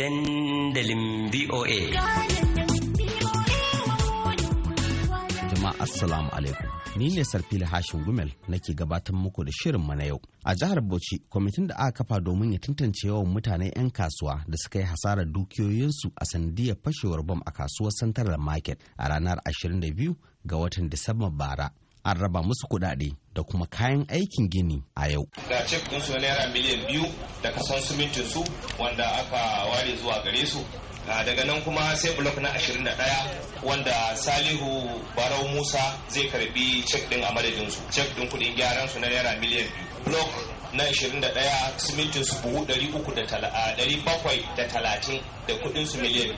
dandalin VOA. Jama'a Assalamu alaikum. Ni ne Sarfili Hashim Gumel nake gabatar muku da shirin mana yau. A jihar Bauchi, kwamitin da aka kafa domin ya tantance yawan mutane 'yan kasuwa da suka yi hasarar dukiyoyinsu a sanadiyar fashewar bom a kasuwar Central Market a ranar 22 ga watan Disamba bara an raba musu kuɗaɗe da kuma kayan aikin gini a yau. Ga cek ɗinsu naira miliyan biyu da kasan simintin su wanda aka ware zuwa gare su. Ah, daga nan kuma sai blok na ɗaya wanda Salihu Barau Musa zai karbi cek ɗin a madadinsu. Cek ɗin kuɗin gyaran su na naira miliyan biyu. Blok na 21 simintin su buhu 730 da kudin su miliyan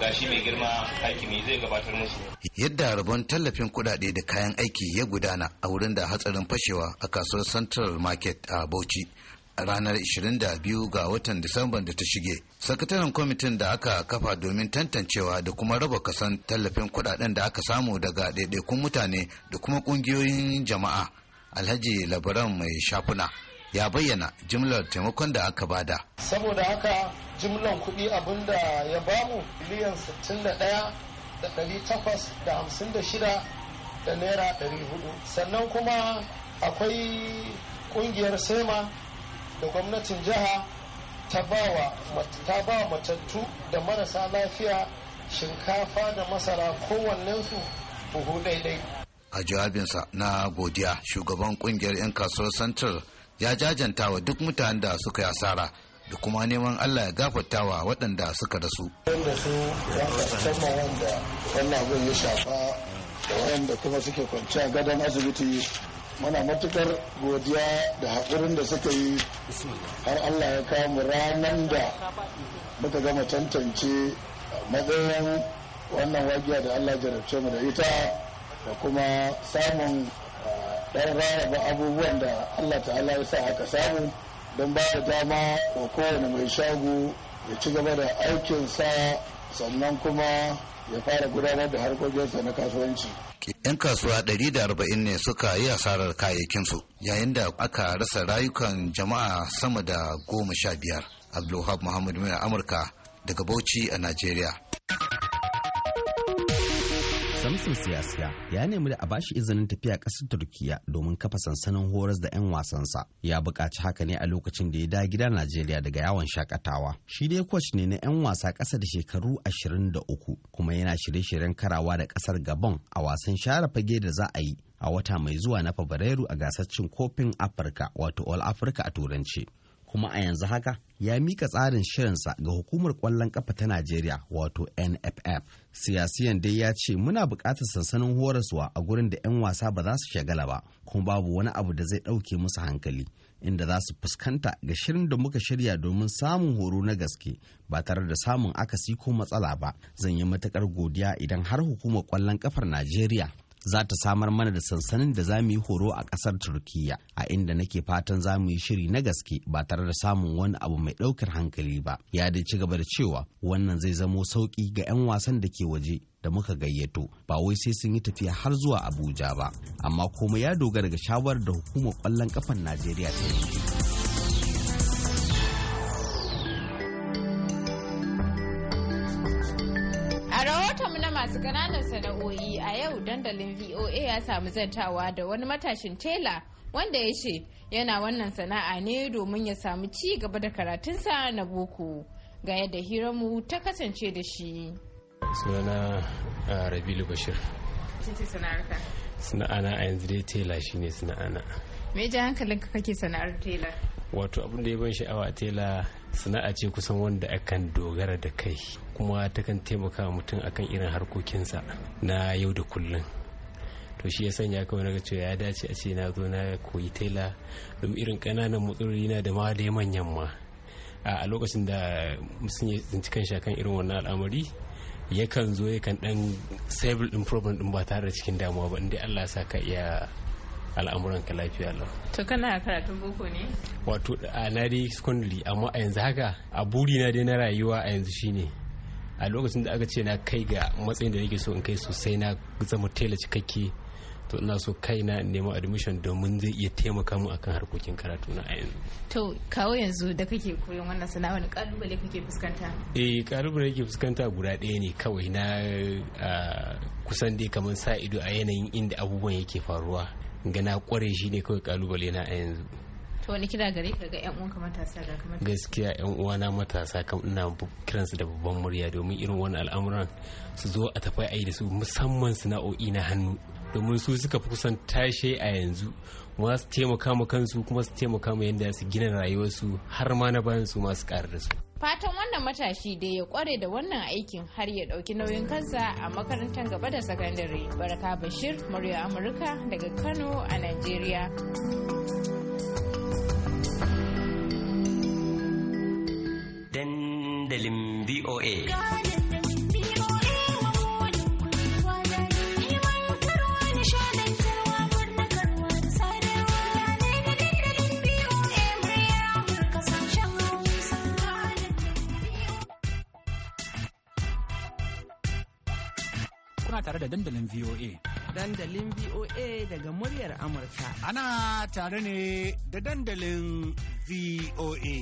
gashi mai girma hakimi zai gabatar musu yadda rabon tallafin kudade da kayan aiki ya gudana a wurin da hatsarin fashewa a kasuwar central market a bauchi ranar 22 ga watan Disamban da ta shige. Sakataren kwamitin da aka kafa domin tantancewa da kuma raba kasan tallafin kudaden da aka samu daga ɗaiɗaikun mutane da kuma ƙungiyoyin jama'a. Alhaji Labaran mai shafuna ya bayyana jimlar taimakon da aka bada. Saboda haka jimlar kuɗi abin da ya bamu miliyan sittin da ɗari da hamsin shida da naira ɗari hudu sannan kuma akwai ƙungiyar sema da gwamnatin jiha ta ba wa ba matattu da marasa lafiya shinkafa da masara kowannensu buhu daidai a jawabinsa na godiya shugaban kungiyar 'yan kasuwar central ya jajanta wa duk mutanen da suka yi asara da kuma neman Allah ya gafarta wa waɗanda suka rasu. Wanda su musamman wanda zai yi shafa da wanda kuma suke kwanciya gadon asibiti muna matukar godiya da haƙurin da suka yi har Allah ya kamu ranar da muka gama tantance matsayin wannan wajiya da Allah jarabce mu da ita da kuma samun don rarraba abubuwan da allah ta'ala ya sa aka samu don ba da dama wa kowane mai shago ya ci gaba da aikinsa sannan kuma ya fara gudanar da harkokinsa na kasuwanci. 'Yan kasuwa da arba'in ne suka yi asarar kayayyakinsu yayin da aka rasa rayukan jama'a sama da goma sha biyar. Abdulhab muhammadu Mai Amurka daga Bauchi a Najeriya. Samson Siyasiya ya nemi da a bashi izinin tafiya ƙasar Turkiya domin kafa sansanin horas da 'yan wasansa. Ya buƙaci haka ne a lokacin da ya da gida Najeriya daga yawon shakatawa. Shi dai coach ne na 'yan wasa ƙasa da shekaru 23 kuma yana shirye-shiryen karawa da ƙasar Gabon a wasan share fage da za a yi a wata mai zuwa na Fabrairu a gasar cin kofin Afirka wato All Africa a Turanci. kuma a yanzu haka ya mika tsarin shirinsa ga hukumar kwallon kafa ta Najeriya wato NFF. Siyasiyan dai ya ce muna buƙatar sansanin horaswa a gurin da 'yan wasa ba za su shagala ba kuma babu wani abu da zai ɗauke musu hankali inda za su fuskanta ga shirin da muka shirya domin samun horo na gaske ba tare da samun akasi ko matsala ba. Zan yi matuƙar godiya idan har hukumar kwallon kafar Najeriya za ta samar mana da sansanin da za mu yi horo a ƙasar turkiya a inda nake fatan za mu yi shiri na gaske ba tare da samun wani abu mai ɗaukar hankali ba ya dai ci gaba da cewa wannan zai zamo sauƙi ga 'yan wasan da ke waje da muka gayyato ba wai sai sun yi tafiya har zuwa abuja ba amma komai ya dogara ga shawarar da hukumar ƙwallon kafan najeriya ta yanke a masu kananan sana'o'i a yau dandalin VOA ya samu zantawa da wani matashin tela wanda ya ce yana wannan sana'a ne domin ya samu ci gaba da karatunsa na boko ga yadda hiramu ta kasance da shi. Sunana Rabilu Bashir. Sana'ana a yanzu dai tela shi ne sana'ana. Me hankalin ka kake sana'ar tela? Wato abin da ya ban sha'awa tela sana'a ce kusan wanda akan dogara da kai. kuma takan taimaka mutum akan irin harkokinsa na yau da kullum to shi ya sanya kawai na cewa ya dace a ce na zo na koyi tela don irin kananan matsaloli na da ma da manyan ma a lokacin da mutum ya tsinci kan shakan irin wannan al'amari yakan zo yakan dan sable din problem din ba tare da cikin damuwa ba inda Allah sa ka iya al'amuran ka lafiya lau. To kana karatun boko ne? Wato a na dai secondary amma a yanzu haka a buri na dai na rayuwa a yanzu shine a lokacin da aka ce na kai ga matsayin da nake so in kai sosai na zama tela cikakke to ina so kai na neman admission domin zai iya taimaka mu akan harkokin karatu na a yanzu to kawo yanzu da kake koyon wannan sana'a wani kalubale kake fuskanta eh kalubale kake fuskanta guda ɗaya ne kawai na kusan dai kamar sa ido a yanayin inda abubuwan yake faruwa ga na kware shi ne kawai kalubale na a yanzu to wani kira gare ka ga yan uwanka matasa ga kamar gaskiya yan uwana matasa kam ina kiransu da babban murya domin irin wani al'amuran su zo a tafai ayi da su musamman sana'o'i na hannu domin su suka fi kusan tashe a yanzu ma su taimaka ma kansu kuma su taimaka ma yadda su gina rayuwarsu har ma na bayan su masu ƙara da su fatan wannan matashi da ya kware da wannan aikin har ya dauki nauyin kansa a makarantar gaba da sakandare baraka bashir murya amurka daga kano a nigeria dandalin VOA. Kuna tare da dandalin VOA. dandalin VOA daga muryar Amurka. Ana tare ne da dandalin VOA.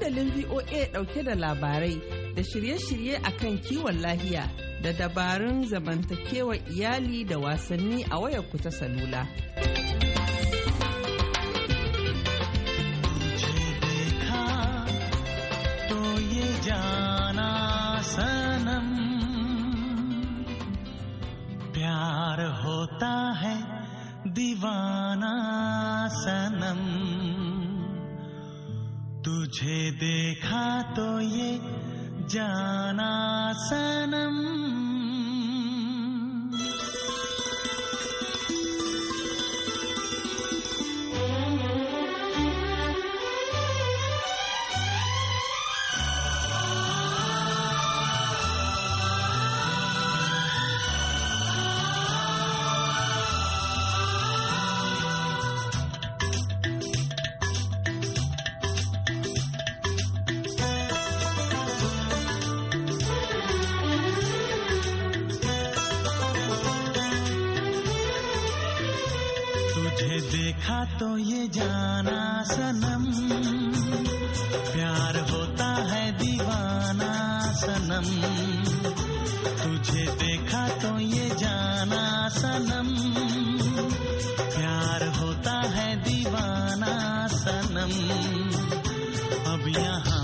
dandalin VOA ɗauke da labarai da shirye-shirye a kan kiwon lahiya da dabarun zamantakewa iyali da wasanni a wayar ku ta salula. तुझे देखा तो ये जाना सनम अभियः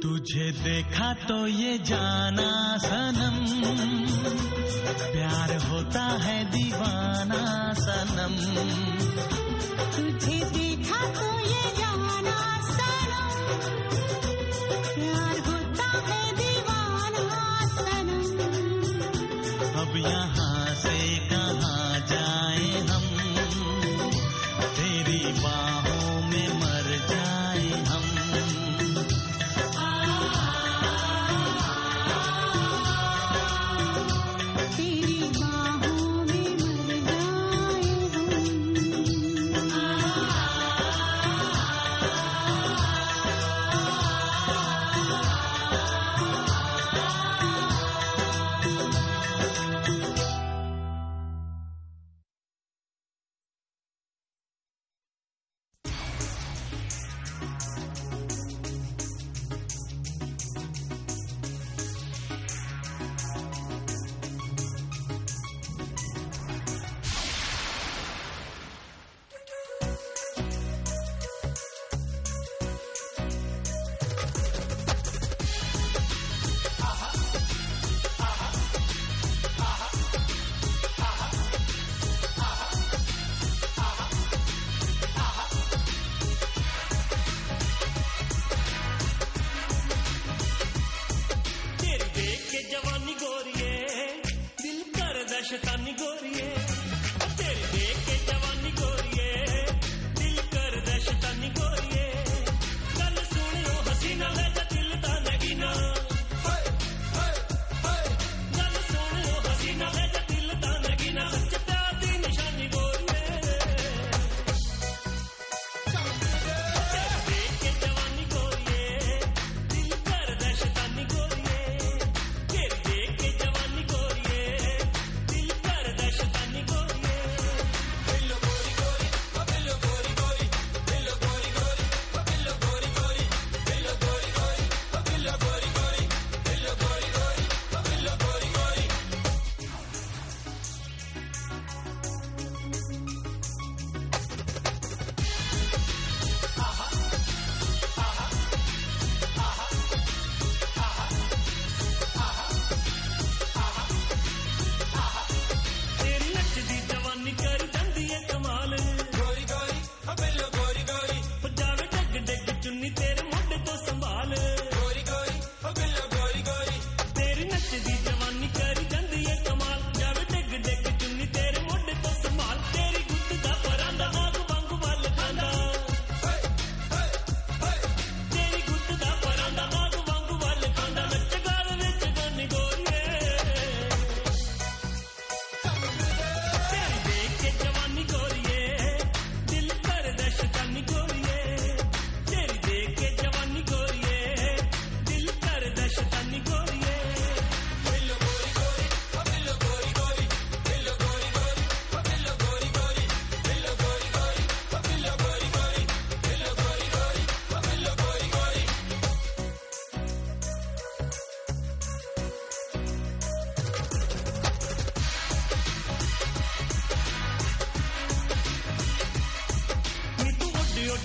तुझे देखा तो ये जाना सनम प्यार होता है दीवाना सनम तुझे देखा तो ये जाना सनम प्यार होता है दीवाना सनम अब यहाँ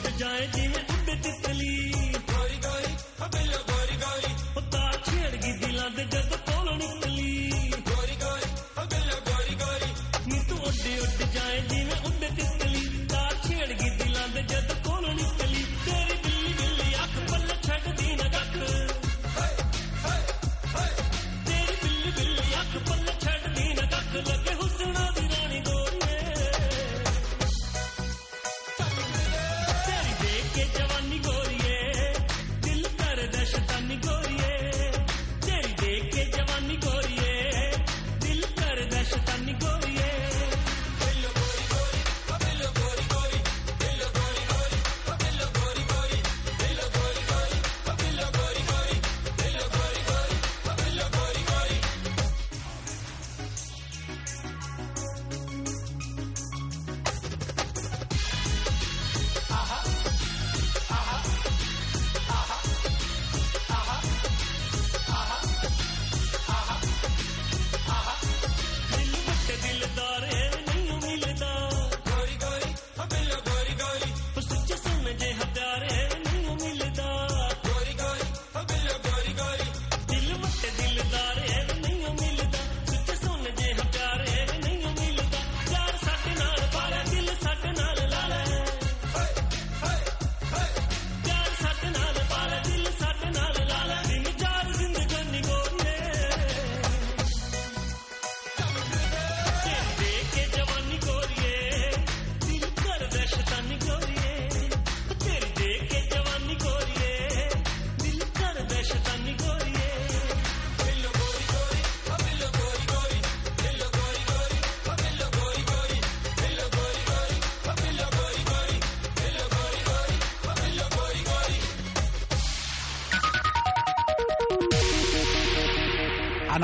उठ जाए जी उड़ तितली गोरी गोरी अबेलो गोरी गोरी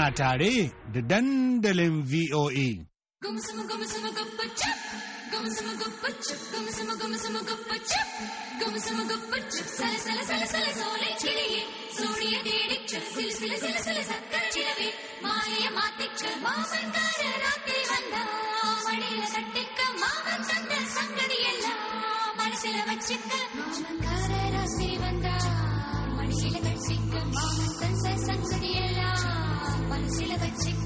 Ana tare da dandalin VOA. மனசில வச்சுக்க மாமன் காரராசி with